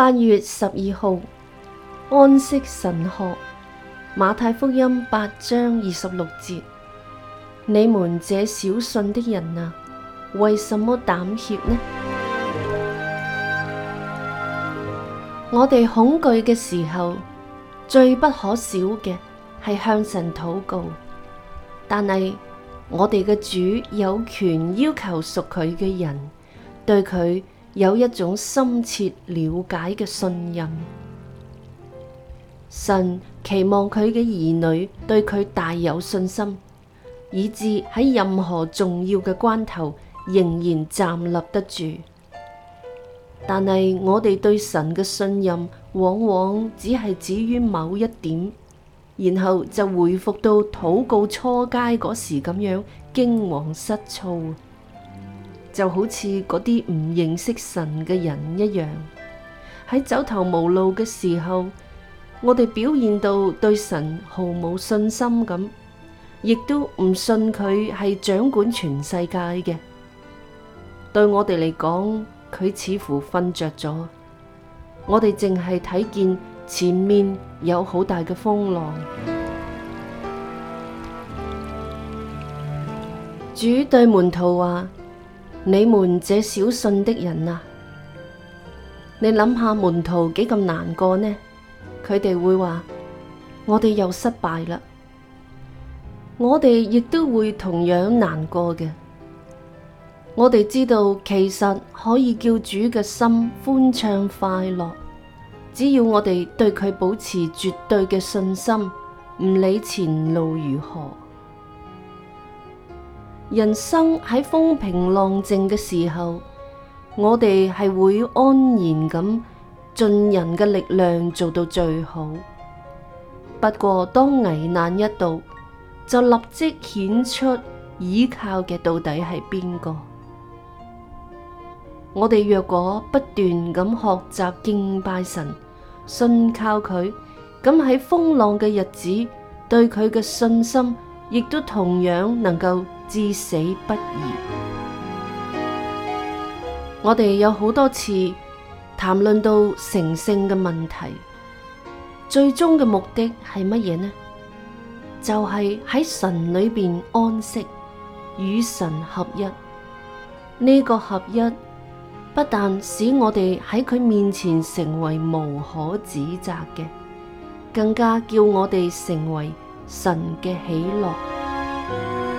八月十二號，安息神學，馬太福音八章二十六節：你們這小信的人啊，為什麼膽怯呢？我哋恐懼嘅時候，最不可少嘅係向神禱告，但係我哋嘅主有權要求屬佢嘅人對佢。有一種深切了解嘅信任，神期望佢嘅兒女對佢大有信心，以致喺任何重要嘅關頭仍然站立得住。但係我哋對神嘅信任，往往只係止於某一點，然後就回復到禱告初階嗰時咁樣驚惶失措。就好似嗰啲唔認識神嘅人一樣，喺走投無路嘅時候，我哋表現到對神毫無信心咁，亦都唔信佢係掌管全世界嘅。對我哋嚟講，佢似乎瞓着咗，我哋淨係睇見前面有好大嘅風浪。主對門徒話。你們這小信的人啊，你諗下門徒幾咁難過呢？佢哋會話：我哋又失敗啦！我哋亦都會同樣難過嘅。我哋知道其實可以叫主嘅心歡暢快樂，只要我哋對佢保持絕對嘅信心，唔理前路如何。人生喺風平浪靜嘅時候，我哋係會安然咁盡人嘅力量做到最好。不過當危難一度，就立即顯出依靠嘅到底係邊個。我哋若果不斷咁學習敬拜神，信靠佢，咁喺風浪嘅日子，對佢嘅信心亦都同樣能夠。至死不渝。我哋有好多次談論到成聖嘅問題，最終嘅目的係乜嘢呢？就係、是、喺神裏邊安息，與神合一。呢、這個合一不但使我哋喺佢面前成為無可指責嘅，更加叫我哋成為神嘅喜樂。